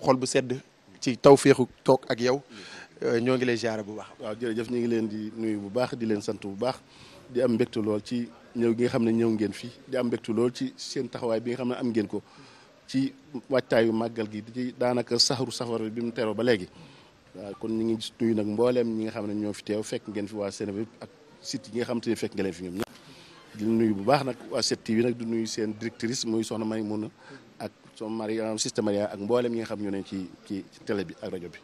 xol bu sedd ci tawféexu toog ak yow euh, ñoo ngi lay jaare bu baax. waaw jërëjëf ñu ngi leen di nuyu bu baax di leen sant bu baax di am mbégte lool ci ñëw gi nga xam ne ñëw ngeen fii di am mbégte ci seen taxawaay bi nga xam ne am ngeen ko ci wàccaayu màggal gi di ci daanaka saxaru safar bi mu teroo ba léegi waaw kon ñu ngi nuyu nag mbooleem ñi nga xam ne ñoo fi teew fekk ngeen fi waa Sénégal ak site yi nga xam te ne fekk ngeen fi ñoom ñëpp di nuyu bu baax nag waa 7TV nag du nuyu seen directrice muy soxna May Mouna sama Maria siste ak mboolem ñi nga xam ñu ne ci ci télé bi ak rajo bi.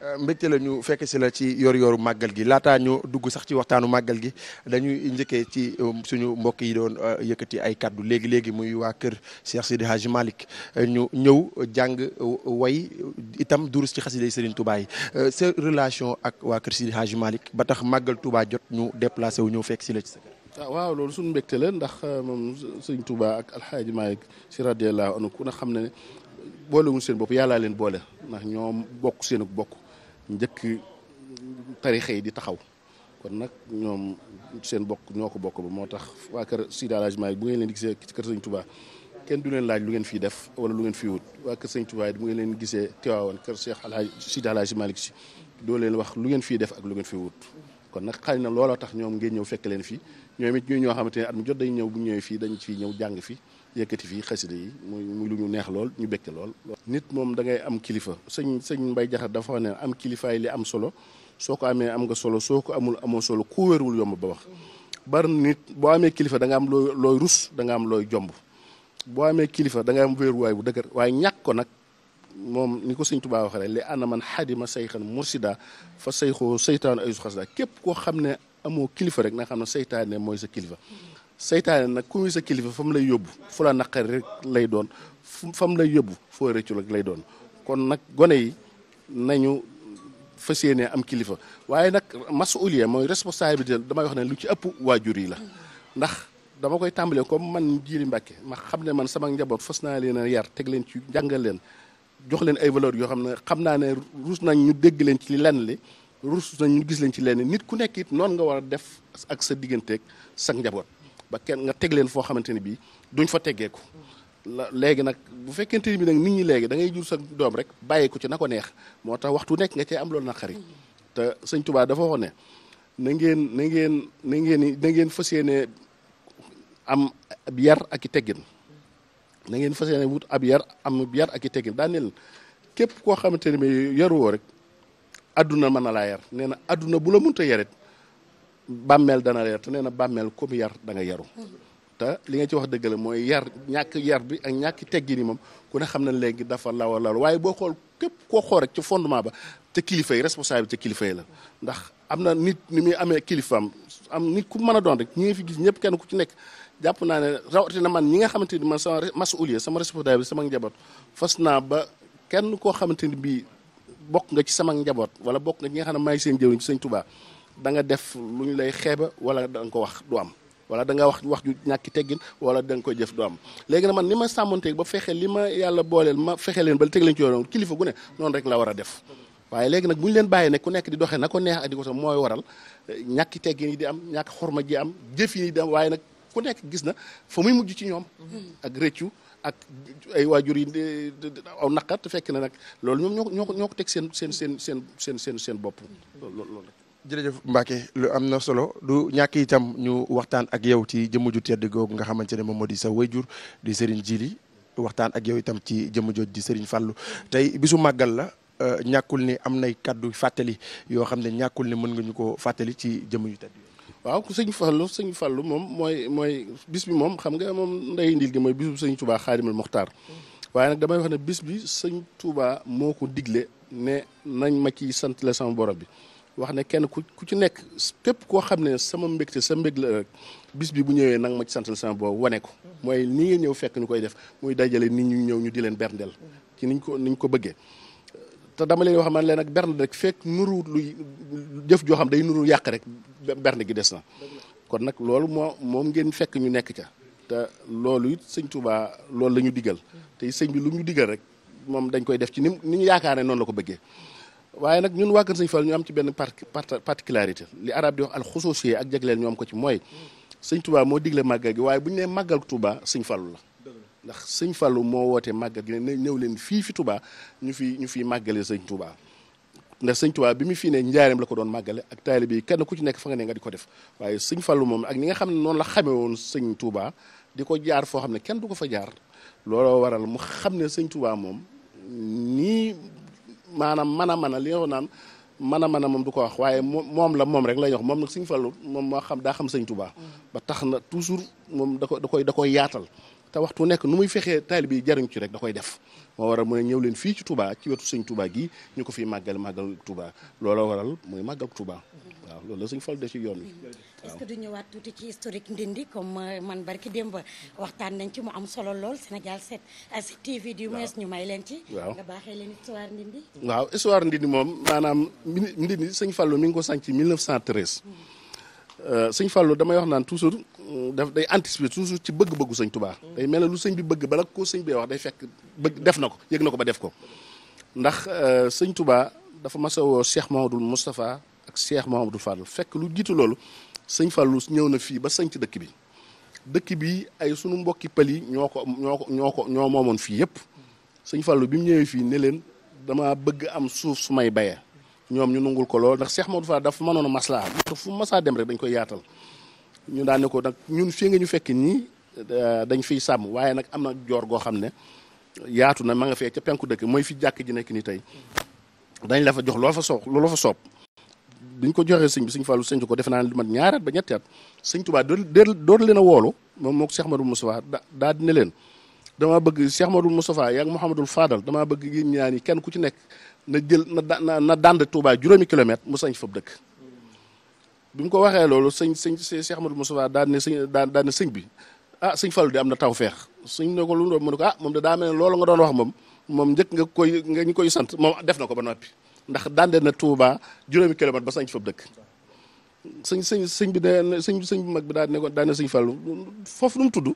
Euh, mbégte la ñu fekk si la ci yor-yoru màggal gi laataa ñu dugg sax ci waxtaanu màggal gi dañuy njëkkee ci um, suñu mbokk yi doon euh, yëkkati ay kàddu léegi léegi muy waa kër Cheikh Sidi Hadj Malick euh, ñu ñëw jàng way itam durus ci xasida Serigne Touba yi sa relation ak waa kër Sidi Hadj Malick ba tax màggal Touba jot ñu déplacé wu ñëw fekk si la ci sa Ah, waaw loolu suñu mbégte la ndax euh, moom sëñ Touba ak alxaaji Maalik si radiyallaahu anhu ku ne xam ne boolewuñ seen bopp yàllaa leen boole ndax ñoom bokk seen ak bokk njëkk tarixe yi di taxaw kon nag ñoom seen bokk ñoo ko bokk ba moo tax waa kër Seydi Alxaaji Maalik bu gisee ci kër sëñ Touba kenn du leen laaj lu ngeen fii def wala lu ngeen fii wut waa kër sëñ Touba bu ngeen leen gisee Tiwaawan kër Cheikh Alxaaji Seydi Alxaaji Maalik si doo leen wax lu ngeen fii def ak lu ngeen fii wut kon nag xëy na looloo tax ñoom ngeen ñëw fekk leen fii ñoom it ñuy ñoo xam ne at mu jot dañ ñëw bu ñëwee fii dañ fi ñëw jàng fi yëkkati fii xasida yi muy muy lu ñu neex lool ñu békke lool nit moom da ngay am kilifa sëñ sëñ Mbay Jaxate dafa ne am kilifaay li am solo soo ko amee am nga solo soo ko amul amoo solo ku wérul yomb ba wax bari nit boo amee kilifa da am looy looy rus da am looy jomb boo amee kilifa da nga am wéeruwaay bu dëgër waaye ñàkk ko nag moom ni ko sëñ Tuubaa waxee rek li ana man xadima sayxan mursida fa sayxoo saytaanu ay su xasida képp koo xam ne moo kilifa rek na xam ne seytaane mooy sa kilifa seytaanee nag ku muy sa kilifa fa lay yóbbu fu la naqari rek lay doon fa lay yóbbu foo rëccu rek lay doon kon nag gone yi nañu fas yéene am kilifa waaye nag masuuliya mooy responsabilité damay wax ne lu ci ëpp waajur yi la ndax dama koy tàmbalee comme man Jili Mbàkke ma xam ne man sama njaboot fas naa leen a yar teg leen ci njàngal leen jox leen ay valeur yoo xam ne xam naa ne ruus nañ ñu dégg leen ci lenn li rus nañ gis leen ci lenn nit ku nekk it noonu nga war a def ak sa digganteeg sa njaboot ba kenn nga teg leen foo xamante ni bii duñ fa teggeeku la léegi nag bu fekkente ni bi nag nit ñi léegi da ngay jur sa doom rek bàyyi ko ci na ko neex moo tax waxtu nekk nga cee am loolu naqari te sañ Tuubaa dafa waxoon ne na ngeen na ngeen na ngeen na ngeen fas yéene am ab yar ak i teggin na ngeen fas yéene wut ab yar am ab yar ak i teggin daaneel képp koo xamante ne bi yaruwoo rek. adduna mën a laa yar nee na adduna bu la munta yarit bàmmeel dana la yar te nee na bàmmeel comme yar da nga yaru te li nga ci wax dëgg la mooy yar ñàkk yar bi ak ñàkk teggi ni moom ku ne xam na léegi dafa lawa law waaye boo xool képp koo xool rek ci fondement ba te kilifa yi responsabilité kilifa yi la ndax am na nit ni muy amee kilifaam am nit ku mën a doon rek ñi nga fi gis ñëpp kenn ku ci nekk jàpp naa ne rawatina man ñi nga xamante ni man sama masuuliya sama responsabilité sama njaboot fas naa ba kenn koo xamante ni bii bokk nga ci sama njaboot wala bokk nga ci nga xam ne maay seen jëwriñ ci sëñ Tuubaa da nga def lu ñu lay xeeba wala da nga ko wax du am wala da nga wax wax ju ñàkki teggin wala da nga koy jëf du am léegi nag man ni ma sàmmanteeg ba fexe li ma yàlla booleel ma fexe leen ba teg leen ci yoon kilifa gu ne noonu rek la war a def waaye léegi nag bu ñu leen bàyyi ne ku nekk di doxee na ko neex ak di ko sax mooy waral eh, ñàkki teggin yi di am ñàkk xorma ji am jëf yi di am waaye nag ku nekk gis na fa muy mujj ci ñoom mm-hmm. ak rëccu ak ay waajur yi aw naqar te fekk na nag loolu ñoom ñoo ñoo ko ñoo ko teg seen seen seen seen seen seen seen bopp loolu loolu jërëjëf Mbacke lu am na solo du ñàkk itam ñu waxtaan ak yow ci jëmm ju tedd googu nga xamante ne moom moo di sa wayjur di Serigne jiiri waxtaan ak yow itam ci jëmm jooj di Serigne Fallou tey bisu màggal la euh, ñàkkul ni am nay kàddu fàttali yoo xam ne ñàkkul ne mën nga ñu ko fàttali ci jëmm ju tedd waaw ku sëñ Fallou sëñ fallu moom mooy mooy bis bi moom xam nga moom nday ndil gi mooy bis bu sëñ Touba Xaadimal Moxtaar waaye nag damay wax ne bis bi sañ tuubaa moo ko digle ne nañ ma ci sant la sama borom bi wax ne kenn ku ku ci nekk képp koo xam ne sama mbégte sa mbég la rek bis bi bu ñëwee nag ma ci santal sama boobu wane ko mooy ni ngee ñëw fekk ñu koy def muy dajale nit ñu ñëw ñu di leen berndeel ci niñ ko niñ ko bëggee te dama leen wax man leen ak berne rek fekk nuru luy jëf joo xam day nuru yàq rek berne gi des na kon nag loolu moo moom ngeen fekk ñu nekk ca te loolu it sëñ Touba loolu la ñu digal te sëñ bi lu ñu digal rek moom dañ koy def ci ni ñu yaakaar ne noonu la ko bëggee waaye nag ñun waa Kër Sëñ Fall ñu am ci benn par particularité li arab di wax al xusuusiyee ak jagleel ñu am ko ci mooy sëñ Touba moo digle màggal gi waaye bu ñu nee màggal Touba sëñ Fallu la ndax sëñ Fallou moo woote màggal gi ne ñëw leen fii fi tubaa ñu fi ñu fiy màggale sëñ tubaa ndax sëñ Touba bi mu fii ne njaareem la ko doon màggale ak taalibe yi kenn ku ci nekk fa nga ne nga di ko def waaye sëñ Fallou moom ak ni nga xam ne noonu la xamee woon sëñ tubaa di ko jaar foo xam ne kenn du ko fa jaar looloo waral mu xam ne sëñ tubaa moom nii maanaam mën a mën a li naan mën a mën a moom du ko wax waaye moom la moom rek lay wax moom nag sëñ Fallou moom moo xam daa xam sëñ Touba mm. ba tax na toujours moom da da koy da koy yaatal te waxtu nekk nu muy fexee taalibe yi jariñ ci rek da koy def moo waral mu ne ñëw leen fii ci tubaa ci wetu sañ Touba gi ñu ko fiy màggal màggal Touba loola waral muy màggal Touba waaw loolu la sëñ Fall def ci yoon wi. est-ce que du ñëwaat tuuti ci historique Ndindi comme euh, man barki démb waxtaan nañ ci mu am solo lool Sénégal 7 7 TV du moins ñu may leen ci. waaw nga baaxee leen histoire Ndindi. waaw histoire Ndindi moom maanaam Ndindi sëñ Fall mi ngi ko sànc ci 1913. Euh, sëñ fallu damay wax naan toujours euh, daf day anticiper toujours ci bëgg-bëggu sëñ Touba. Mm. day mel ne lu sëñ bi bëgg bala ko sëñ bi wax day fekk bëgg def na ko yëg na ko ba def ko ndax euh, sëñ tubaa dafa mas a woo Cheikh Mouhamadoul Moustapha ak Cheikh Mouhamadoul Fadl fekk lu jiitu loolu sëñ Fallou ñëw na fii ba sëñ ci dëkk bi dëkk bi ay sunu mbokki pël yi ñoo ko ñoo ko ñoo ko ñoo moomoon fii yëpp sëñ Fallou bi mu ñëwee fii ni leen damaa bëgg am suuf su may bayee ñoom ñu nungul ko lool ndax Cheikh Modou Fall dafa mënoon a maslaa te fu masaa dem rek dañ koy yaatal ñu daan ne ko nag ñun fii nga ñu fekk nii euh, dañ fiy sàmm waaye nag am na joor goo xam ne yaatu na ma nga fee ca penku dëkk mooy fi jàkk ji nekk nii tey dañ la fa jox loo fa soob loo fa soob ko joxee sëñ bi sëñ Fallou sëñ ko defe naa ne lu mat ñaari ba ñetti at sëñ Tuubaa door leen a woolu moom moo ko Cheikh Modou Moustapha da daa dina leen dama bëgg Cheikh Modou Moustapha yaag Mouhamadul Fadal damaa bëgg yéen ñaan yi kenn ku ci nekk na jël na na dànd Touba juróomi kilomètre mu sañ fab dëkk bi mu ko waxee loolu sëñ sëñ Cheikh Ahmadou Moustapha daan ne sëñ daan daan sëñ bi ah sëñ Fallou di am na taw feex sëñ ne ko lu doon mu ne ah, moom da daa ne loolu nga doon wax moom moom njëkk nga koy nga ñu koy sant moom def na ko ba noppi ndax dànde na Touba juróomi kilomètre ba sañ fab dëkk sëñ sëñ sëñ bi da sëñ sëñ bi mag bi daan ne ko daan sëñ Fallou foofu lu mu tudd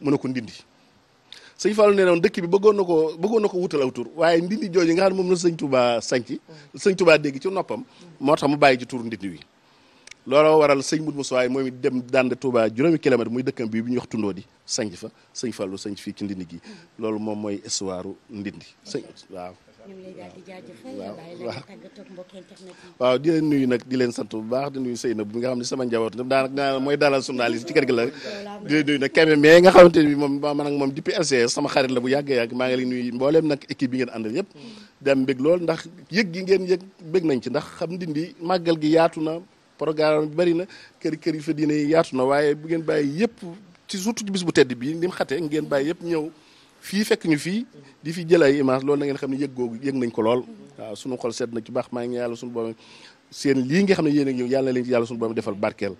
mu ne ko ndindi sëñ Fallou nee na dëkk bi bëggoon na ko bëggoon ko wutal aw tur waaye ndindi jooju nga xam ne moom la sëñ Touba sanc sëñ Touba dégg ci noppam moo tax mu bàyyi ci tuur ndindi wi looloo waral sëñ Moudou Moussa waaye mooy it dem dànd Touba juróomi kilomètre muy dëkkam bi bu ñuy wax tundoo di sanc fa sëñ Fallou sanc fii ci ndindi gi loolu moom mooy histoire ndindi sëñ waaw waaw di leen nuyu nag di leen sant bu baax di nuyu na bu nga xam ne sama njaboot nag daanaka mooy dalal journaliste ci kër gi la di leen nuyu nag kenn mais nga xamante ni moom man ak moom depuis RCS sama xarit la bu yàgg-yàgg maa ngi leen nuyu mbooleem nag équipe bi ngeen àndal yëpp dem mbég lool ndax yëg gi ngeen yëg bég nañ ci ndax xam ndindi màggal gi yaatu na programme bi bëri na kër kër yi fa diine yaatu na waaye bu ngeen bàyyi yëpp ci surtout ci bis bu tedd bii ni mu xatee ngeen bàyyi yëpp ñëw fii fekk ñu fii di fi jël ay image loolu na ngeen xam ne yëg googu yëg nañ ko lool waaw suñu xol seet na ci baax maa ngi yàlla suñu borom seen lii nga xam ne yéen ak yàlla na leen ci yàlla suñu defal barkeel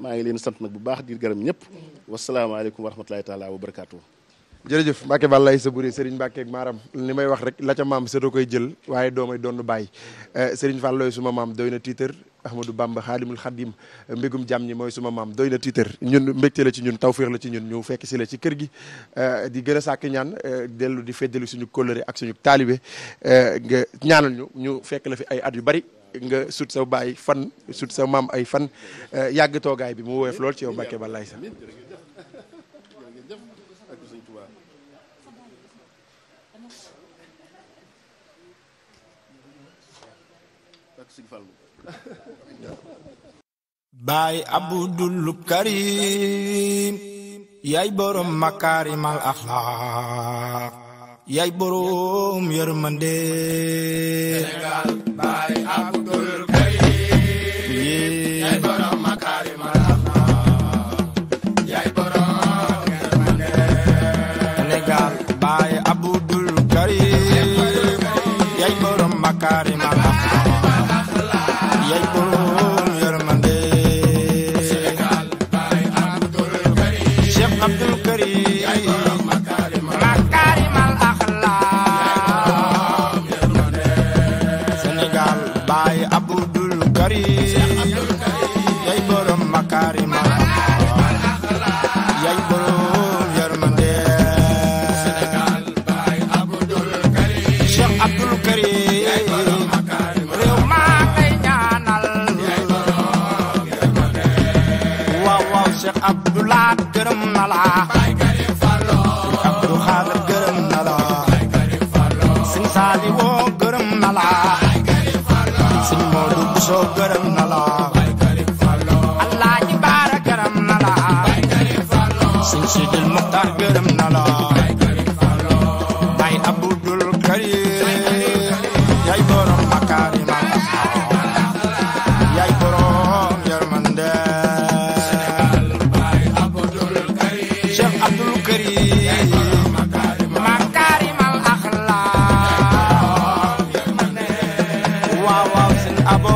maa ngi leen sant nag bu baax di gërëm ñëpp wasalaamaaleykum wa rahmatulahi taala wa barakaatu jërëjëf Mbacke lay sa buri Serigne Mbacke ak maaram li may wax rek la ca maam sétoo koy jël waaye doomay doon bàyyi eh, Serigne Fallooy suma maam doy na tiitër ahmadou bamba xaalimul xadim mbégum jàmm ñi mooy suma maam doy na tiitër ñun mbégte la ci ñun tawféex la ci ñun ñu fekk si la ci kër gi eh, di gën a sàkk ñaan eh, dellu di feddali suñu kóllëre ak suñu taalibe eh, nga ñaanal ñu ñu fekk la fi ay at yu bari nga sut sa baay fan sut sa maam ay fan yàgg toogaay bi mu woyof lool ci yow Mbàkke Balaay sax ak baay abdul karim yaay borom makaarimal axlaaq yaay borom yërmande baay abdul soo gërëm na la bay karim fallo allah ji baara gërëm na la bay karim fallo suñ sidil muxtar gërëm na la bay karim fallo bay abdul karim yaay borom makarim yaay borom yërmande bay abdul karim cheikh abdul karim abo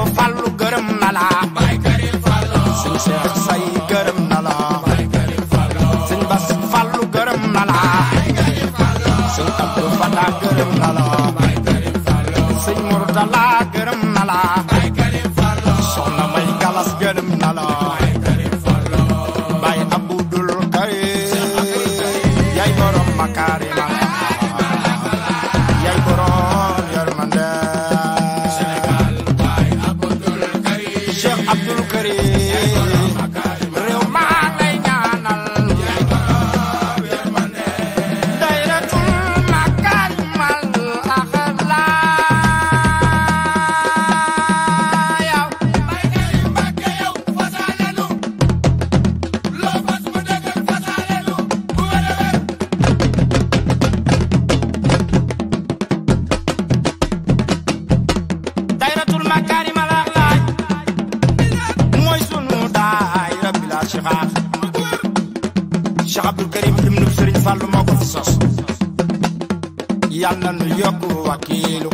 yal na nu yokk wakiilu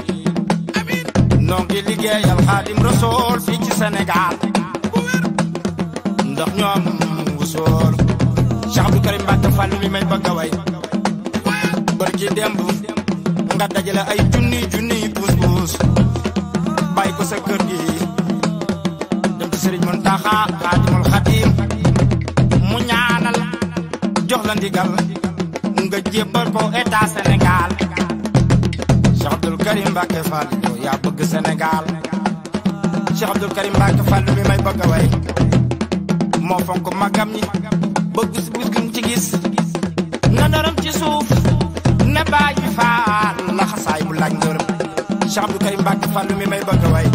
noo ngi liggéeyal xaadim rasool fii ci Sénégal ndax ñoom wusool Cheikh Abdou Karim Mbacke Fall mi may bëgg a way barki démb nga dajale ay junni junni puus puus bàyyi ko sa gi dem ci Serigne Mountakha Xaadimul Xadim mu ñaanal jox la ndigal nga jébbal ko état Sénégal Karim Mbacke Fall yow yaa bëgg Sénégal Cheikh Abdoul Karim mi may bëgg a way moo fonk magam ñi bëgg si gi ci gis na naram ci suuf ne baay bi na xasaay bu laaj ngërëm Cheikh Abdoul Karim Mbacke Fall mi may bëgg a way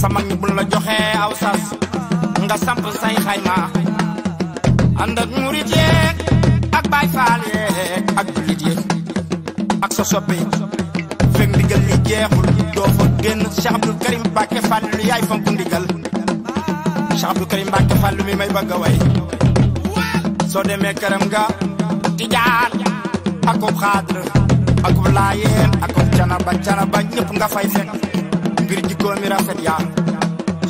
sa mag ñi bu la joxee aw sas nga samp say xayma ànd ak murit yeeg ak baay faal yeeg ak jullit yeeg ak sa jeexul doo fa génn Cheikh Abdoul Karim Mbacke Fallou yaay fonk ndigal Cheikh Abdoul Karim Mbacke Fallou mi may bëgg a soo demee ga nga tijaan akub xaadr akub laayeen akub canaba canaba ñëpp nga fay fekk ji jikkoo mi rafet yaa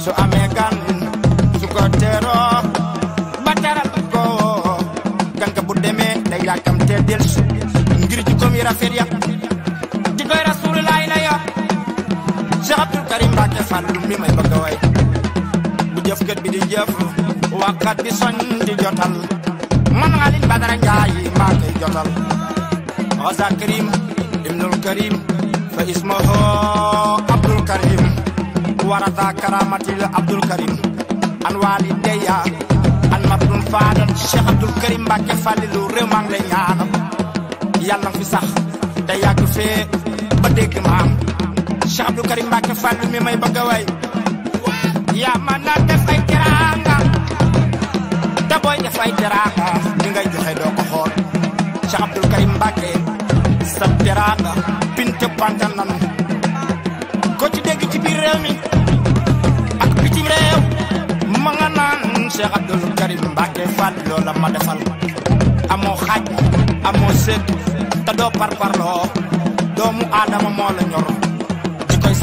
su amee gan su ko teeroo ba teral ko gan bu demee day yàkkamtee del ngir jikkoo mi rafet ya fàttali li may bëgg a way bu jëfkat bi di jëf waxkat bi soñ di jotal man Alioune Badara maa koy jotal xasa karim ibnul karim fa ismaho abdul karim warata karamatil abdul karim an walideya an mabdun faadal cheikh abdul karim Mbàkke fàllilu réew maa ngi lay ñaanam fi sax te yàgg fee ba dégg maam Cheikh Abdou Karim Mbacke Fallou mi may bëgg a yaa ma na def ay teraanga te booy def ay ngay joxe doo ko xool Cheikh Abdou Karim Mbacke sa teraanga pinte banta nan ko ci dégg ci biir réew mi ak bitim réew ma nga naan Cheikh Abdou Karim Mbacke Fallou loola ma defal amoo xaaj amoo seet te doo parparloo doomu aadama moo la ñor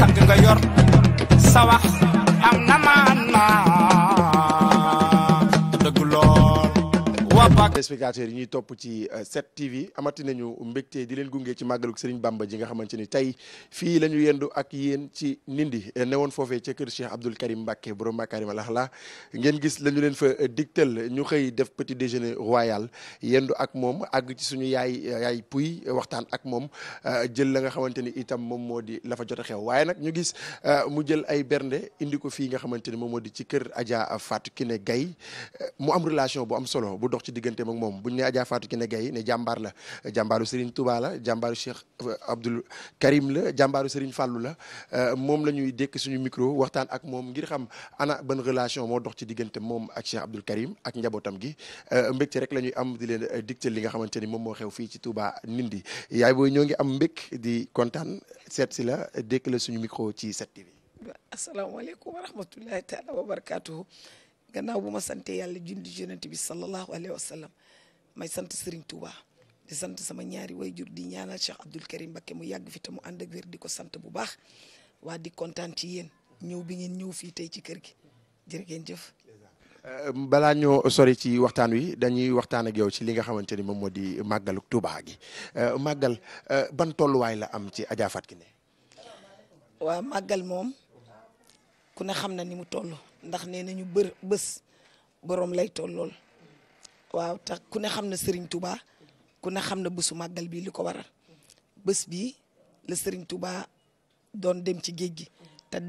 sang nga yor sa wax am na maanaa téléspectateurs yi ñuy topp ci 7TV euh, amati nañu mbégte di leen gunge ci màggalug Serigne Bamba ji nga xamante ni fii la ñu yendu ak yéen ci Nindi euh, newoon foofee ca kër Cheikh Abdoul Karim Mbacké borom Makarim Alaxla ngeen gis la leen fa euh, digtal ñu xëy def petit déjeuner royal yendu ak moom ag ci suñu yaay yaay puy waxtaan ak moom jël la nga xamante ni itam moom moo di lafa fa jot a xew waaye nag ñu gis mu jël ay bernde indi ko fii nga xamante ni moom moo di ci kër Adja Fatou Kiné Gaye ak moom buñ ne Adja Fatou Kiné Gaye ne jàmbaar la jàmbaaru Serigne Touba la jàmbaaru Cheikh Abdoul la jàmbaaru Serigne Fallou la euh, moom la ñuy dékk suñu micro waxtaan ak moom ngir xam ana ban relation moo dox ci diggante moom ak Cheikh Abdoul Karim ak njabootam gi euh, mbégte rek la ñuy am di leen euh, digtal li nga xamante ni moom moo xew fii ci Touba Nindi yaay booy ñoo ngi am mbég di kontaan seet si la dékk la suñu micro ci 7TV. gannaaw bu ma sante yàlla jundi yonent bi sallallahu alayhi wa sallam may sant Serigne Touba di sant sama ñaari way jur di ñaanal Cheikh Abdoul Karim Mbacké mu yàgg fi te mu ànd ak wér di ko sant bu baax waa di kontaan ci yéen ñëw bi ngeen ñëw fii tey ci kër gi jërë ngeen jëf. Euh, balaa ñoo sori ci waxtaan wi dañuy waxtaan ak yow ci li nga xamante ni moom moo di màggalu Touba gi euh, màggal euh, ban tolluwaay la am ci Adja ki ne waa màggal moom. ku ne xam na ni mu toll ndax nee nañu bër bës borom lay toll lool waaw tax ku ne xam na Serigne Touba ku ne xam na bësu màggal bi li ko waral bës bi la Serigne Touba doon dem ci géej gi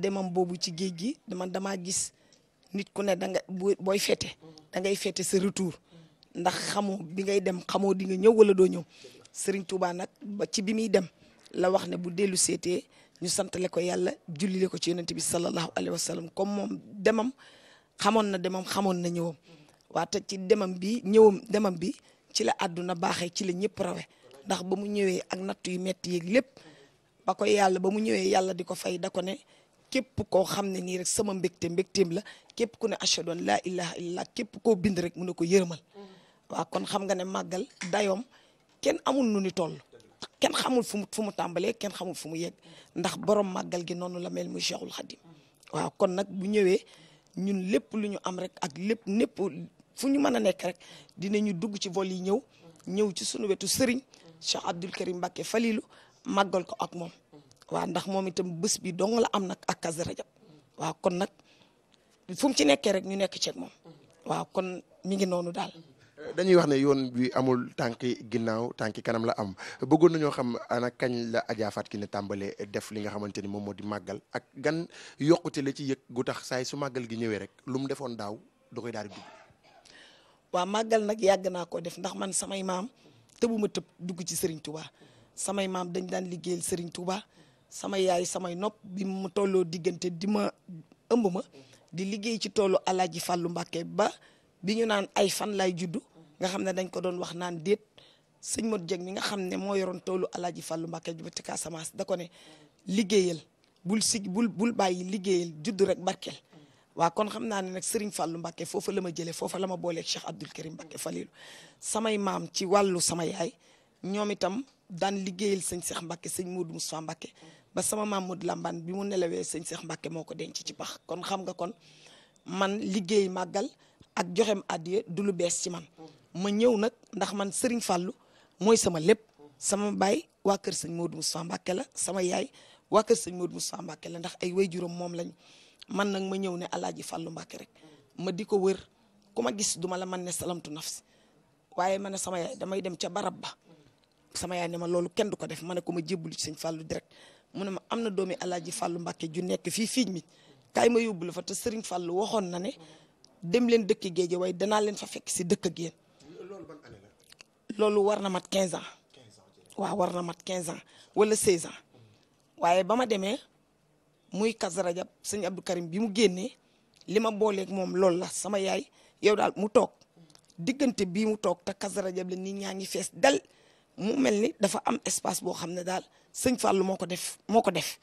demam boobu ci géej gi dama damaa gis nit ku ne da booy fete da ngay fete sa retour ndax xamoo bi ngay dem xamoo di nga ñëw walla doo ñëw Serigne Touba nag ba ci bi muy dem la wax ne bu dellu seetee ñu santale ko yàlla jullile ko ci yonent bi sallallahu alayhi wa sallam comme demam xamoon na demam xamoon na ñëwam waa te ci demam bi ñëwam demam bi ci la àdduna baaxee ci la ñëpp rawe ndax ba mu ñëwee ak natt yu metti yeeg lépp ba ko yàlla ba mu ñëwee yàlla di ko fay da ko ne koo xam ne nii rek sama mbégte mbégteem la képp ku ne ashhadu an laa ilaha képp koo bind rek mu ne ko yërëmal waaw kon xam ne màggal dayoom kenn amul nu ni kenn xamul fu mu fu mu tàmbalee kenn xamul fu mu yegg ndax borom màggal gi noonu la mel muy Cheikhul Khadim waaw kon nag bu ñëwee ñun lépp lu ñu am rek ak lépp népp fu ñu mën a nekk rek dinañu dugg ci vol yi ñëw ñëw ci sunu wetu sëriñ Cheikh Abdul Karim Mbacke Falilu màggal ko ak moom wa ndax moom itam bés bi dong am nag ak Kazu Rajab waaw kon nag fu mu ci nekkee rek ñu nekk ceeg moom waaw kon mi ngi nonu dal dañuy wax ne yoon bi amul tànki ginnaaw tànki kanam la am bëggoon nañoo xam ana kañ la Adja Fatou Kiné tàmbale def li nga xamante ni moom moo di màggal ak gan yokkute la ci yëg gu tax saay su màggal gi ñëwee rek lu mu defoon daaw da daal di dugg. màggal nag yàgg naa ko def ndax man samay maam tëbuma tëb dugg ci Serigne tubaa samay maam dañ daan liggéeyal Serigne Touba sama yaay samay nopp bi mu tolloo diggante di ma ëmb ma di liggéey ci toolu Alaaji Fàllu Mbàkke ba bi ñu naan ay fan laay juddu. nga xam ne dañ ko doon wax naan déet sëñ Modou jeg mi nga xam ne moo yoroon toolu Alaaji Fàllu Mbàkke ba ci Casamance da ko ne liggéeyal bul si bul bul bàyyi liggéeyal judd rek barkeel waa kon xam naa ne nag Serigne Fallou Mbacke foofa la ma jëlee foofa la ma booleeg Cheikh Abdoul Karim Mbacke Falilou samay maam ci wàllu sama yaay ñoom itam daan liggéeyal sëñ Cheikh Mbacke sëñ Modou Moussa Mbacke ba sama maam Modou Lambane bi mu nelawee sëñ Cheikh Mbacke moo ko denc ci pax kon xam nga kon man liggéey màggal ak joxem addiya du bees ci man ma ñëw nag ndax man Serigne fàllu mooy sama lépp sama baay waa kër sëñ moo Modou Moustapha Mbacké la sama yaay waa kër sëñ Modou Moustapha Mbacké la ndax ay waajuram moom lañ man nag ma ñëw ne Alaaji Fallou Mbacké rek ma di ko wër ku ma gis duma la man ne salamtu nafsi waaye ma ne sama damay dem ca barab ba sama yaay ne ma loolu kenn du ko def ma ne ko ma jébbalu sëñ Fallou direct mu ne ma am na doomi Alaaji Fallou Mbacké ju nekk fii fiiñ mi kaay ma yóbbu la fa te Serigne Fallou waxoon na ne dem leen dëkk géej waaye danaa leen fa fekk si dëkk a yéen loolu war na mat quinze ans. waaw war na mat quinze ans wala 16 ans waaye ba ma demee muy Kazu Rajab sëñ Abdou Karim bi mu génnee li ma booleeg moom loolu la sama yaay yow daal mu toog diggante bii mu toog te Kazu Rajab la nit ñaa ngi fees dal mu mel ni dafa am espace boo xam ne daal sëñ Fallou moo ko def moo ko def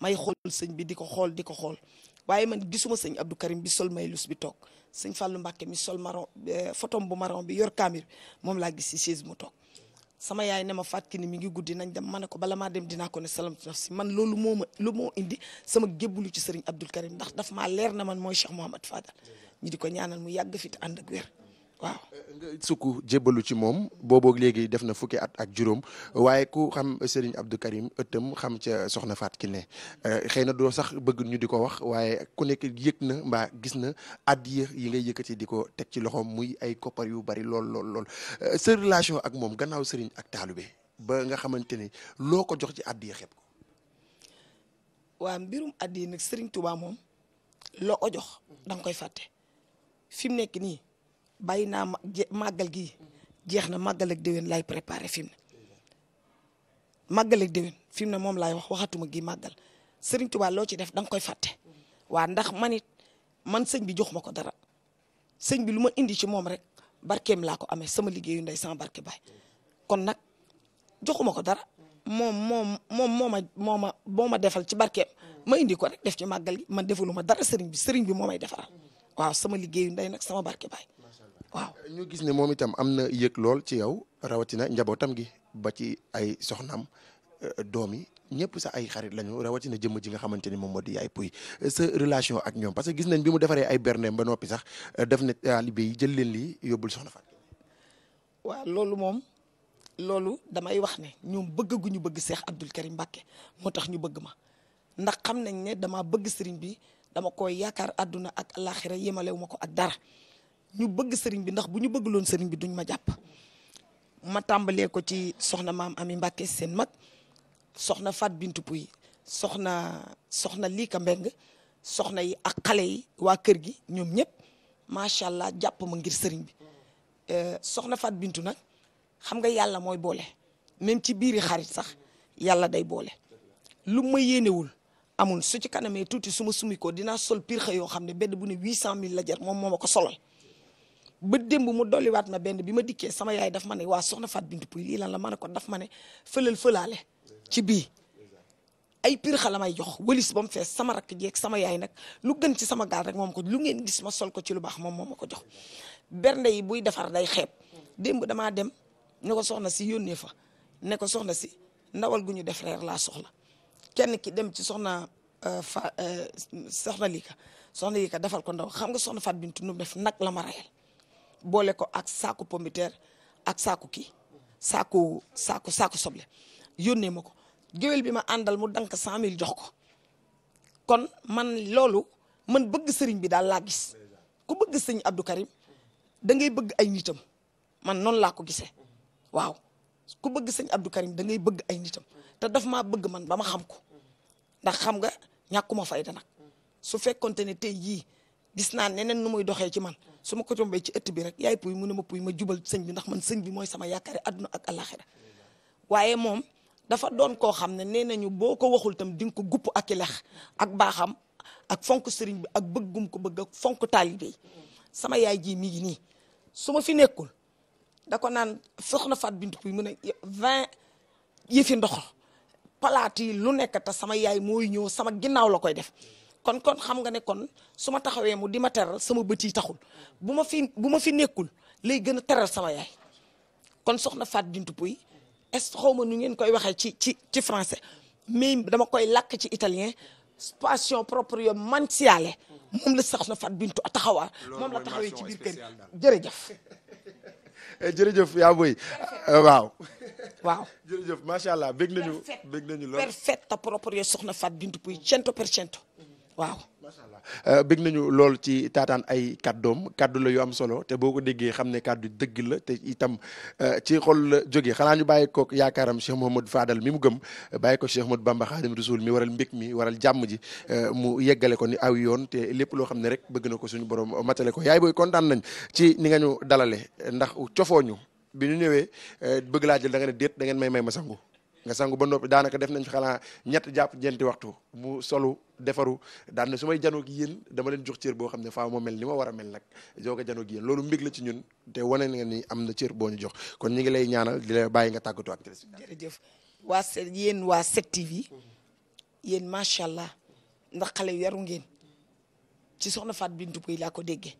may xool sëñ bi di ko xool di ko xool waaye man gisuma sëñ Abdou Karim bi sol maylus bi toog sëñ Fallou Mbacke mi sol marron eh, photom bu marron bi yor kaamir moom laa gis si chaise mu toog sama yaay ne ma ki ni mi ngi guddi nañ dem ma ne ko bala maa dem dinaa ko ne salam nafsi man loolu moo ma lu moo indi sama gébbalu ci sëriñ Abdou Karim ndax daf maa leer na man mooy Cheikh Mouhamad Fadal ñu di ko ñaanal mu yàgg fi te ànd ak wér. waaw eh, nga sukk jébbalu ci moom booboog léegi def na fukki at ak juróom waaye ku xam Serigne Abdou Karim ëttam xam ca soxna Faat ki ne eh, xëy na doo sax bëgg ñu di ko wax waaye ku nekk yëg na mbaa gis na addiya yi ngay yëkkati di ko teg ci loxoom muy ay koppar yu bari lool lool lool eh, sa ak moom gannaaw sëriñ ak taalibe ba nga xamante ni loo ko jox ci addiya xeb ko waa mbirum addiya nag sëriñ Touba moom loo ko jox danga koy fàtte fi mu nekk nii bàyyi naa màggal gi jeex na màggal ak déwén laay préparé fim mu ne màggal ak déwén fi mu ne moom laay wax waxatuma gi màggal Serigne Touba loo ci def da nga koy fàtte waa ndax man it man sëñ bi jox ma ko dara sëñ bi lu ma indi ci moom rek barkeem laa ko amee sama liggéeyu ndey sama barke bay kon nag joxuma ko dara moom moom moom moo ma moo ma boo ma defal ci barkeem ma indi ko rek def ci màggal gi man defaluma dara sëriñ bi sëriñ bi moo may defaral waaw sama liggéeyu ndey nag sama barke waaw ñoo gis ne moom itam am na yëg lool ci yow rawatina njabootam gi ba ci ay soxnaam euh, doom yi ñëpp sax ay xarit lañu rawatina jëmm ji nga xamante ni moom moo di ay puy sa relation ak ñoom parce que gis nañ bi mu defaree ay berneem ba noppi sax euh, def ne taalibe yi jël leen lii yóbbul soxna Fatou. waaw loolu moom loolu damay wax ne ñoom bëgg bëgg Seex Abdul moo tax ñu bëgg ma ndax xam nañ ne dama bëgg sëriñ bi dama koy yaakaar àdduna ak àllaaxira yemalewu ma ko ak dara. ñu bëgg sëriñ bi ndax bu ñu bëgg loon sëriñ bi duñ ma jàpp ma tàmbalee ko ci soxna maam Ami Mbàkke seen mag soxna Fat Bintu Puy soxna soxna Lika Mbeng soxna yi ak xale yi waa kër gi ñoom ñëpp macha allah jàpp ma ngir sëriñ bi euh, soxna Fat Bintu nag xam nga yàlla mooy boole même ci biiri xarit sax yàlla day boole lu ma yéenewul amul su ci kanamee tuuti su ma sumikoo dinaa sol piir xëy yoo xam ne bedd bu ne huit cent mille la jar moom moo ma ko solal ba démb mu dolliwaat ma benn bi ma dikkee sama yaay daf ma ne waa soxna Fatou Bintou Pouye lii lan la mane ne ko daf ma ne fëlal fëlaale ci bii ay pir xala may jox walis ba mu fees sama rakk jeeg sama yaay nag lu gën ci sama gaal rek moom ko lu ngeen gis ma sol ko ci lu baax moom moo ko jox bernde yi buy defar day xeeb démb damaa dem ne ko soxna si yónnee fa ne ko soxna si ndawal ñu def laa soxla kenn ki dem ci soxna euh, fa euh, soxna lii ka soxna defal ko ndaw xam nga soxna Fatou bintu nu def nag la ma boole ko ak saaku pombiteer ak saaku kii saaku saaku saaku soble yónnee ma ko géwél bi ma àndal mu dank cent mille jox ko kon man loolu man bëgg sëriñ bi daal laa gis ku bëgg sëñ Abdou Karim da ngay bëgg ay nitam man noonu laa ko gisee waaw ku bëgg sëñ Abdou da ngay bëgg ay nitam te daf maa bëgg man ba ma xam ko ndax xam nga ñàkkuma fayda nag su fekkonte ne tey gis naa neneen nu muy doxee ci man su ma ko tombee ci ëtt bi rek yaay puy mu ne ma puy ma jubal sëñ bi ndax man sëñ bi mooy sama yaakaari àdduna ak alaxira moom dafa doon koo xam ne nee nañu boo ko waxul tam di nga ak i ak baaxam ak fonk sëriñ bi ak bëggum ko bëgg fonk taalibe yi yaay ji mi ngi nii su ma fi nekkul da ko naan soxna Faat Bintu Puy mu ne vingt yëfi ndox palaat lu nekk sama yaay mooy ñëw sama ginnaaw la koy def kon kon xam nga ne kon su ma taxawee mu di ma teral sama bët yi taxul bu ma fi bu ma fi nekkul lay gën a teral sama yaay kon soxna Fatou Bintou Pouye est xaw ma nu ngeen koy waxee ci ci ci français mais dama koy làkk ci italien passion proprio manziale moom la soxna Fatou Bintou taxawaa moom la taxawee ci biir kër jërëjëf eh, jërëjëf yaa boy eh, waaw waaw jërëjëf macha allah bég nañu bég nañu lool perfetta proprio soxna Fatou Bintou Pouye cento per cento waaw macha allah euh, bëgg nañu lool ci taataan ay kàddoom kàddu la yu am solo te boo ko déggee xam ne kàddu dëgg la te itam euh, ci xol la xanaa ñu bàyyi ko yaakaaram Cheikh Mouhamadou faadal mi mu gëm bàyyi ko Cheikh Mouhamadou Bamba Khadim Rasoul mi waral mbég mi waral jàmm ji euh, mu yeggale ko ni aw yoon te lépp loo xam ne rek bëgg na ko suñu borom matale ko yaay booy kontaan nañ ci ni nga ñu dalale ndax cofooñu bi ñu ñëwee bëgg laa jël da nga da ngeen may may ma sangu nga sangu ba noppi daanaka def nañ fi xanaa ñett jàpp ñeenti waxtu mu solu defaru daan na su may janoog yéen dama leen jox cër boo xam ne faa mel ni ma war a mel nag joog a janoog yéen loolu mbég la ci ñun te wane nga ni am na cër boo ñu jox kon ni ngi lay ñaanal di la bàyyi nga tàggatoo ak jërëjëf waa yéen waa 7TV yéen macha allah ndax xale yaru ngeen ci soxna Fat Bintou Pouye laa ko déggee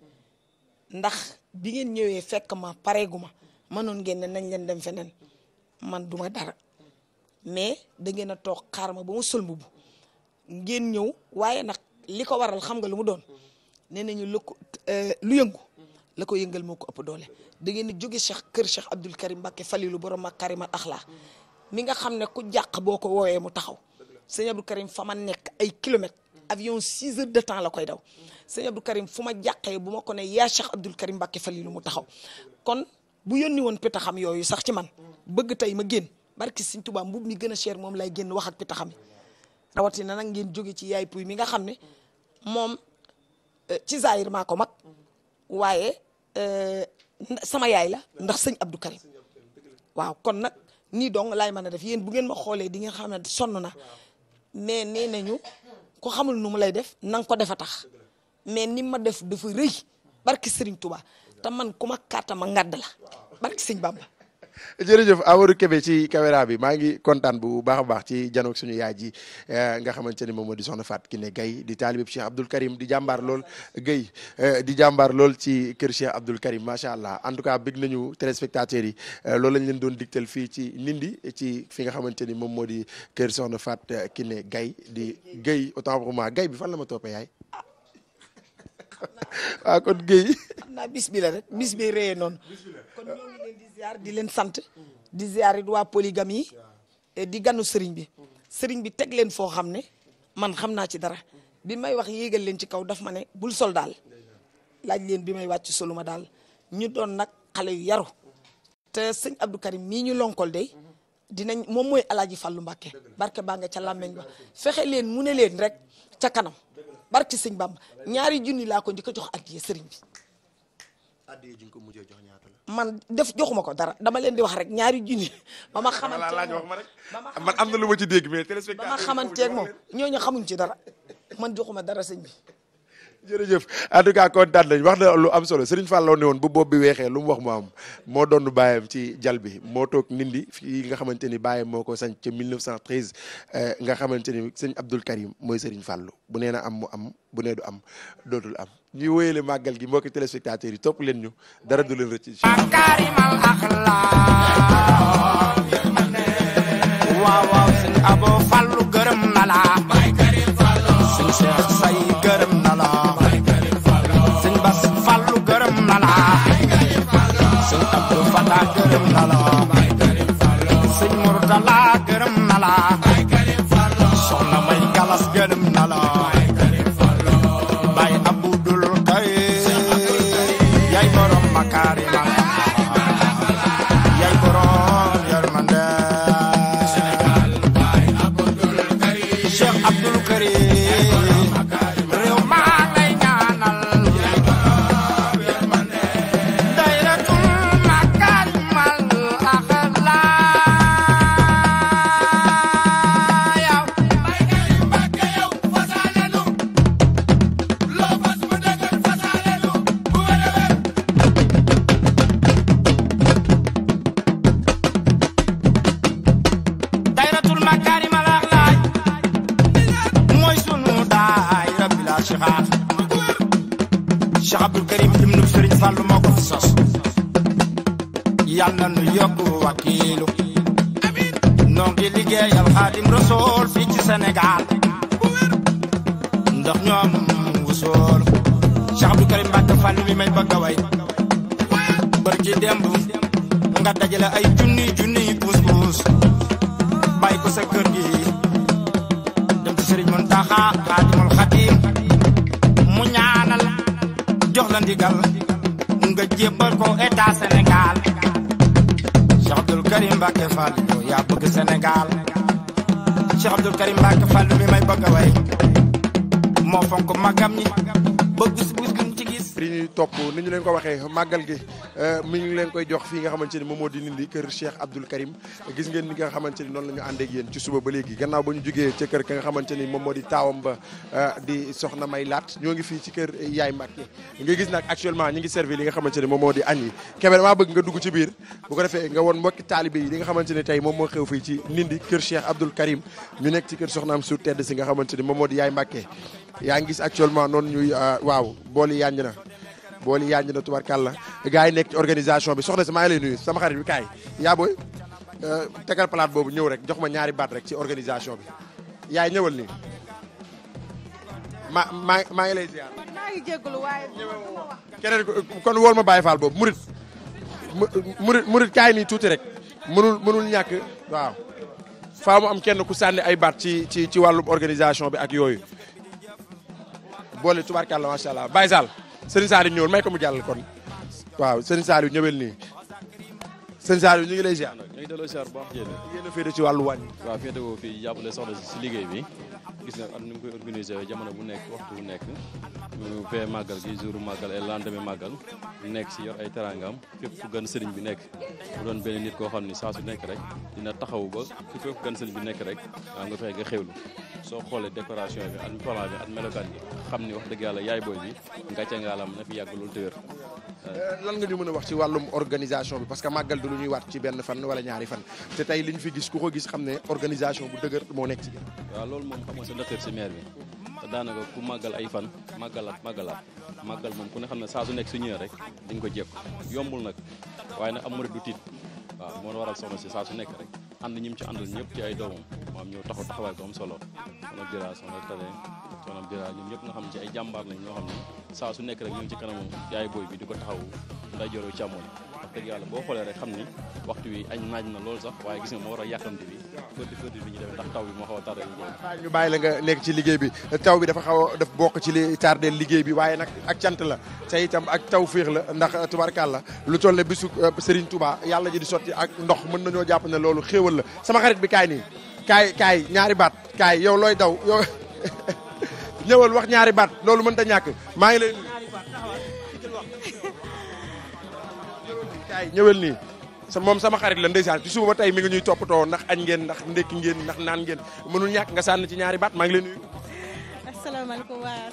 ndax bi ngeen ñëwee fekk ma pareegu ma mënoon ngeen na nañ leen dem feneen man duma dara mais da ngeen a toog xaar ma ba ma sol mbubb ngeen ñëw waaye nag li ko waral xam nga lu mu doon nee nañu lu ko euh, lu yëngu la ko yëngal moo ko ëpp doole da ngeen di jóge Cheikh kër Cheikh Abdoul Karim Mbacké Falilou borom ma Karimal Akhlaq mi nga xam ne ku jàq boo ko woowee mu taxaw sëñ Abdou Karim fa ma nekk ay kilomètres avion 6 heures de temps la koy daw sëñ Abdou fu ma jàqee bu ma ko ne yaa Cheikh Abdoul Karim Mbacké Falilou mu taxaw kon bu yónni woon pitaxam yooyu sax ci man bëgg tey ma génn. barki Sëriñ Tuubaa mbub mi gën a cher moom lay génn wax ak pitaxam yi rawatina nag ngeen jóge ci yaay puy mi nga xam ne moom euh, ci zaahir maa ko mag waaye euh, sama yaay la ndax sëñ Abdou Karim waaw kon nag nii dong laay mën a def yéen bu ngeen ma xoolee di ngeen xam ne sonn na mais nee nañu ko xamul nu mu lay def nang ko defa tax mais ni ma def defa rëy barki Sëriñ Tuubaa te man ku ma kàtta ma ngadd la barki sëñ Bamba jërëjëf Amadou kebe ci caméra bi maa ngi kontaan bu baax a baax ci janoog suñu yaay ji eh, nga xamante ni moom moo di soxna Fatou Kiné Gaye di taalibeb Cheikh Abdoul Karim di jàmbaar lool Gaye eh, di jàmbaar ci kër Cheikh Abdoul Karim macha allah en tout cas bég nañu téléspectateurs yi eh, loolu lañ leen doon digtal fii ci Ndindy ci fi nga xamante ni moom moo di kër soxna Fatou Kiné Gaye di Gaye autant pour moi Gaye bi fan la ma toppee yaay waaw ah, kon Guèye. xam naa bis bi la rek noonu. di leen sant. di ziar it waa polygame yi. Eh, di ganu sëriñ bi. sëriñ bi teg leen foo xam ne man xam naa ci dara bi may wax yéegal leen ci kaw daf ma ne bul sol daal laaj leen bi may wàcc soluma daal ñu doon nag xale yu yaru te sëñ Abdou Karim mii ñu lonkol de dinañ moom mooy alaaji fallu Mbàkke barke baa nga ca làmmeñ ba fexe leen mu leen rek ca barki sëñ Bamba ñaari junni laa ko njëkk jox addiya sëriñ bi. addiya ji ko mujjee jox ñaata man def joxuma ko dara dama leen di wax rek ñaari junni. ba ma xamante ne moom man am na lu ma ci dégg mais. téléspectateur ba ma xamanteeg moom ñooñu xamuñ ci dara man ma dara sëñ bi. jërëjëf en tout cas kontaan nañ wax na lu am solo Serigne Fall la woon bu boobu bi weexee lu mu wax mu am moo doon bàyyam ci jal bi moo toog nindi fii nga xamante ni bàyyam moo ko sañ ca 1913 eh, nga xamante ni sëñ Abdul Karim mooy seriñ Fallu bu nee na am mu am bu nee du am dootul am ñuy wéyale màggal gi mbokki téléspectateurs yi topp leen ñu dara du leen rëcc kaarimal axlaa Batak may bëgg a bër ci démb nga dajale ay junni junni puus puus bàyyi ko sa kër gi dem ci sëriñ Muntaxa Xaadimul Xadim mu ñaanal jox la ndigal nga jébbal ko état Sénégal Cheikh Abdoul Karim Mbacké Fall yaa bëgg Sénégal Cheikh Abdoul Karim Mbacké Fall mi may bëgg a moo fonk magam ñi bëgg si bis dañuy topp ni ñu leen ko waxee màggal gi euh, mi ngi leen koy jox fii nga xamante ni moom moo di Ndindy kër Cheikh Abdoul Karim gis ngeen ni nga xamante ni noonu la ñu àndeek yéen ci suba ba léegi gannaaw ba ñu jógee ca xamante ni moom moo di taawam ba euh, di soxna may ñoo ngi fii ci kër yaay Mbàkke nga gis nag actuellement ñi ngi servir li nga xamante ni moom moo di añ yi kebe damaa bëgg nga dugg ko defee nga woon mbokki taalibe yi li nga xamante ni tey moom moo xew fii ci Ndindy kër Cheikh Abdoul Karim ñu nekk ci kër soxnaam su tedd si nga xamante ni moom moo di yaay Mbàkke yaa ngi gis actuellement noonu ñuy euh, waaw bool yi na bool yi yànj na tubarkàlla gars yi nekk ci organisation bi soxna si maa ngi lay nuyu sama bi kaay yaa booy euh, tegal palaat boobu ñëw rek jox ma ñaari baat rek ci organisation bi yaay ñëwal nii ma maa ngi lay ziar. kon maa ma Baye Fall boobu murit murit murit kaay nii tuuti rek mënul mënul ñàkk waaw faaw mu am kenn ku sànni ay baat ci ci ci wàllum organisation bi ak yooyu. boole tubaarkàlla macha allah Baye Sall Serigne Saliou ñëwul may ko mu jàll kon waaw Serigne Saliou ñëwel nii Serigne Saliou ñu ngi lay ziar. ñu ngi delloo ziar bu baax waaw féete woo fii jàppale si liggéey bi. gis nga at ni mu koy organisé jamono bu nekk waxtu bu nekk mu fee màggal gi jour màggal et lendemain màggal nekk si yor ay teraangam bi nekk mu doon benn nit koo xam ni saa su nekk rek bi nekk rek waa nga fexe soo xoolee décoration bi ak plan bi ak melokaan bi xam ni wax dëgg yàlla yaay booy bi ngàcce ngaalam na fi yàgg loolu te wér euh, lan nga ñu mën a wax ci wàllum organisation bi parce ko gis xam ne organisation bu dëgër moo sa docteur si maire bi te daanaka ku màggal ay fan màggalaat màggalaat màggal moom ku ne xam ne saa su nekk su ñëwee rek dañ ko jékku yombul nag waaye nag am murit du su nekk rek ànd ñi mu ci àndal ñëpp ci ay doomam maam ñëw taxaw taxawaay bu am solo soxna Bira soxna Tade soxna Bira ñoom ñëpp nga xam ne ci ay jàmbaar lañ ñoo xam ne saa su nekk rek ñu ci kanamam yaay booy bi di ko taxaw nday joro càmmoñ wax dëgg yàlla boo xoolee rek xam ni waxtu wi añ naaj na lool sax waaye gis nga moo war a yàkkamti bi fëddi fëddi ñu def ndax taw bi moo xaw a ñu bàyyi la nga nekk ci liggéey bi taw bi dafa xaw a daf bokk ci li tardé liggéey bi waaye nag ak cant la te itam ak taw féex la ndax la lu toll ne bisu euh, Serigne tubaa yàlla ji di sotti ak ndox mën nañoo jàpp ne loolu xéewal la sama xarit bi kaay nii kaay kaay ñaari baat kaay yow looy daw yow ñëwal wax ñaari baat loolu mën ta ñàkk maa ngi lay nuyu nii sa moom sama xarit la ndeysaan ci suba ba tey mi ngi ñuy toppatoo ndax añ ngeen ndax ndekki ngeen ndax naan ngeen mënul ñàkk nga sànn ci ñaari baat maa ngi a nuyu. asalaamaaleykum waa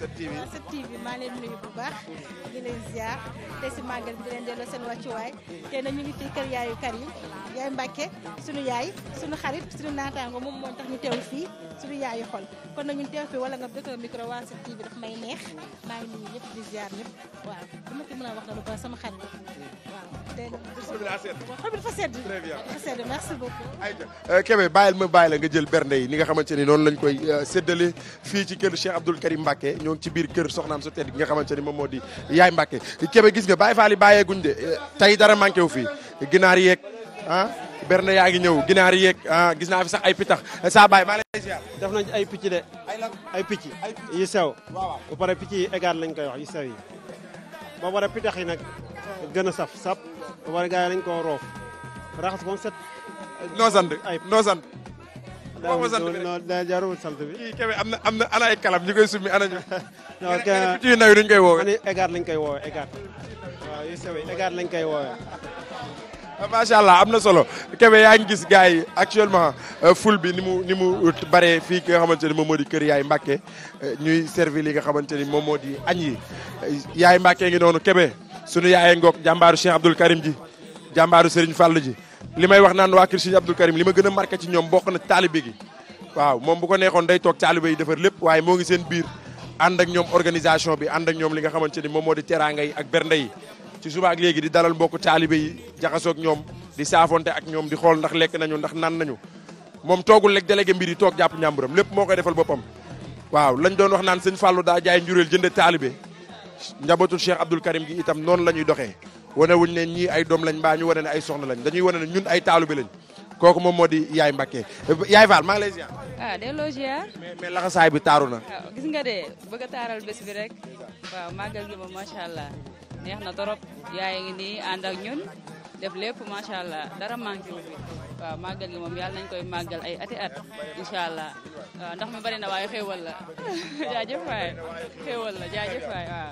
7TV waaw 7TV maa leen bu baax di leen ziar te si màggal di leen delloo seen wàccuwaay te na ngi fii kër yaayu Karim yaay Mbàkke suñu yaay suñu xarit suñu naataango moom moo tax ñu teew fii suñu yaayu xol kon na teew fii wala may neex maa ngi nuyu ñëpp di ziar ñëpp waaw du ma euh, ko bàyyil ma bàyyi la nga jël bernde yi ni nga xamante ni noonu lañ koy euh, seddale fii ci kër Cheikh Abdoul Karim Mbàkke ñoo ngi ci biir kër soxnaam su tedd gi nga xamante ni moom moo di yaay Mbàkke Kébé gis nga Baay Faal yi bàyyeeguñ de tey dara manqué wu fii ginaar yeeg ah na yaa ngi ñëw ginaar yeeg ah gis naa fi sax ay pitax saa baay maa lay ziar def nañ ay picc de ay picc yu sew bu pare picc yi égaat lañ koy wax yu sew yi ba pare pitax yi nag gën a saf sap ba pare gars yi nañ koo roof raxas moom set noo waxuma sant bi non da sant bi kii kebe na am na ana ay kalam ñu koy summi ana ñu non kenn ci naw koy woowee ani égar lañ koy woowee égar waaw yu sew lañ koy woowee ah, allah am na solo kebe yaa ngi gis gars yi actuellement euh, ful bi ni mu ni mu bare fii ki nga xamante ni moom moo di kër yaay Mbàkke euh, ñuy servi li nga xamante ni moom moo di añ yi yaay Mbàkke ngi noonu kebe sunu yaay ngoog jàmbaaru Cheikh Abdoul Karim ji jàmbaaru Serigne Fall ji li may wax naan waa kër Serigne Abdou Karim li ma gën a marqué ci ñoom bokk na taalibe gi waaw moom bu ko neexoon day toog taalibe yi defar lépp waaye moo ngi seen biir ànd ak ñoom organisation bi ànd ak ñoom li nga xamante ni moom moo di teraanga yi ak bernde yi ci suba ak léegi di dalal mbokk taalibe yi jaxasoog ñoom di saafonte ak ñoom di xool ndax lekk nañu ndax nan nañu moom toogul rek délégué mbir yi toog jàpp ñàmburam lépp moo koy defal boppam waaw lañ doon wax naan sëñ Fallou daa jaay njureel jënd taalibe njabootu Cheikh Abdoul Karim gi itam noonu la ñuy doxee wanewuñ ne ñii ay doom lañ mbaa ñu wane ne ay soxna lañ dañuy wane ne ñun ay taalu bi lañ kooku moom moo di Yaay Mbakke Yaay Fall maa ngi lay ziar. ah delloo laxasaay bi taaru na. waaw gis nga de bëgg taaral bés bi rek waaw màggal gi moom macha allah neex na torop yaay ngi nii ànd ak ñun def lépp macha allah dara manqué wu waaw màggal gi moom yàlla nañ koy màggal ay ati at incha allah ndax mi bari na waaye xéewal la jaajëf waay xéewal la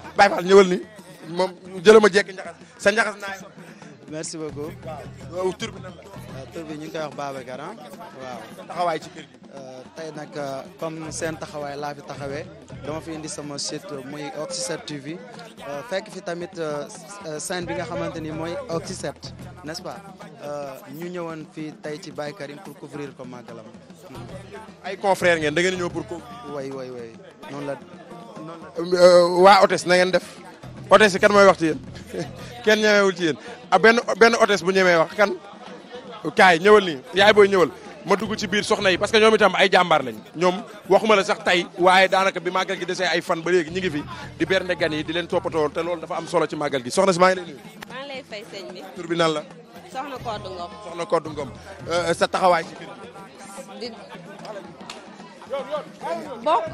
waaw. moom jëla ma jekki njaxas sa njaxas naay merci beaucoup waaw euh, bi ñu ngi koy wax Babacar ah waaw taxawaay ci kër gi euh, tey nag euh, comme seen taxawaay laa fi taxawee dama fi indi sama site muy Oxy7 TV fekk fi tamit scène bi nga xamante ni mooy Oxy7 n'est-ce pas ñu ñëwoon fii tey ci Baye Karim pour couvrir ko màggalam ay confrères ngeen da ngeen ñëw pour ko way way way noonu la noonu la waa Otes nangeen def hôtesse yi kan mooy wax ci yéen kenn ñemewul ci yen ah benn benn hôtesse bu ñemee wax kan kaay ñëwal nii yaay booy ñëwal ma dugg ci biir soxna yi parce que ñoom itam ay jàmbaar lañ ñoom waxuma la sax tey waaye daanaka bi màggal gi desee ay fan ba léegi ñu ngi fi di bernde gan yi di leen toppatoo te loolu dafa am solo ci màggal gi soxna si maa ngi lay bi. tur bi nan la. soxna Kodou Ngom. Euh, sa taxawaay ci kër bokk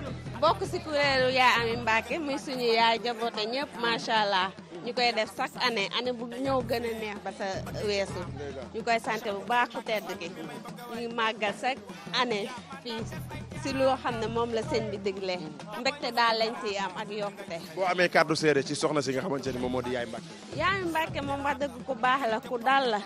bokk si kuréelu yaay Ami Mbacke muy suñu yaay jaboote ñëpp macha allah ñu koy def chaque année année bu ñëw gën a neex ba sa weesu ñu koy sant bu baax ku tedd ki ñu màggal chaque année fii si loo xam ne moom la sëñ bi digle mbégte daal lañ ciy am ak yokkute. boo amee kàddu seede ci soxna si nga xamante ni moom moo di yaay Mbacke. yaay Mbacke moom wax dëgg ku baax la ku dal la.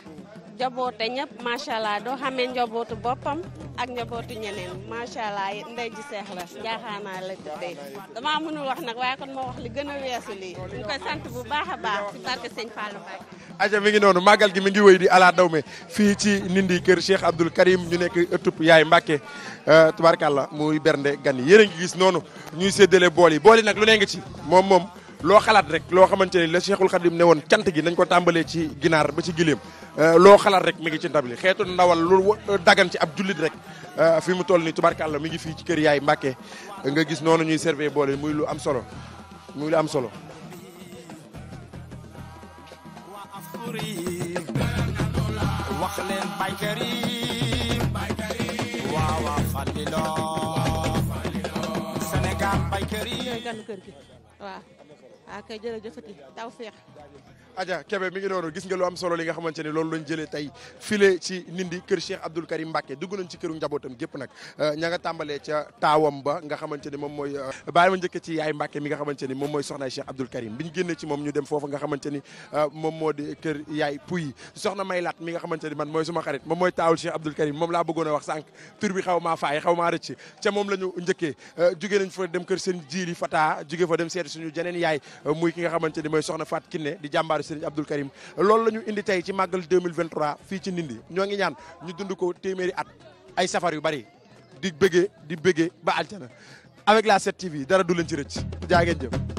jaboote ñëpp macha allah doo xamee njabootu boppam ak njabootu ñeneen macha allah ndey ji seex la jaaxaanaa la tuddee damaa mënul wax nag waaye kon moo wax li gën a weesu lii koy sant bu baax a baax ci barke sëñ Fallou Mbacké. aja mi ngi noonu màggal gi mi ngi wéy di ala daw me fii ci Ndindy kër Cheikh Abdoul Karim ñu nekk tup yaay Mbacké euh, tubaarkàlla muy bernde gan yi yéen a ngi gis noonu ñuy séddale bool yi bool yi nag lu nee nga ci moom moom loo xalaat rek loo xamante ni la Cheikhul Khadim ne woon cant gi nañ ko tàmbalee ci ginaar ba ci gileem Euh, loo xalaat rek mi ngi ci ndab li xeetu ndawal lool dagan ci ab jullit rek euh, fi mu toll ni tubarkàlla mi ngi fii ci kër yaay Mbàkke nga gis noonu ñuy servir boole muy lu am solo muy lu am solo wax leen baykat yi baykat yi waaw waaw Fallilo Sénégal aja Kébé mi ngi noonu gis nga lu am solo li nga xamante ni loolu lañ jëlee tey file ci Ndindy kër Cheikh Abdoul Karim Mbacké dugg nañ ci këru njabootam gépp nag euh, ña nga tàmbalee ca taawam ba nga xamante ni moom mooy euh, bàyyi ma njëkk ci yaay Mbacké mi nga xamante ni moom mooy soxna Cheikh Abdoul Karim biñ génnee nga xamante ni euh, moom moo di kër yaay Pouy mi nga xamante ni man mooy suma xarit moom mooy taawul Cheikh Abdoul Karim moom laa bëggoon a wax sànq tur bi moom la ñu njëkkee jóge nañ fa dem kër seen jiiri Fata jóge fa dem seeti suñu jeneen yaay muy ki nga xamante ni mooy soxna Fat Kiné di jàmbaar Serigne Abdoul Karim loolu la ñu indi tey ci màggal 2023 fii ci nindi ñoo ngi ñaan ñu dund ko téeméeri at ay safar yu bari di bëggee di bëggee ba aljana avec la 7 TV dara du leen ci rëcc jaa ngeen jëf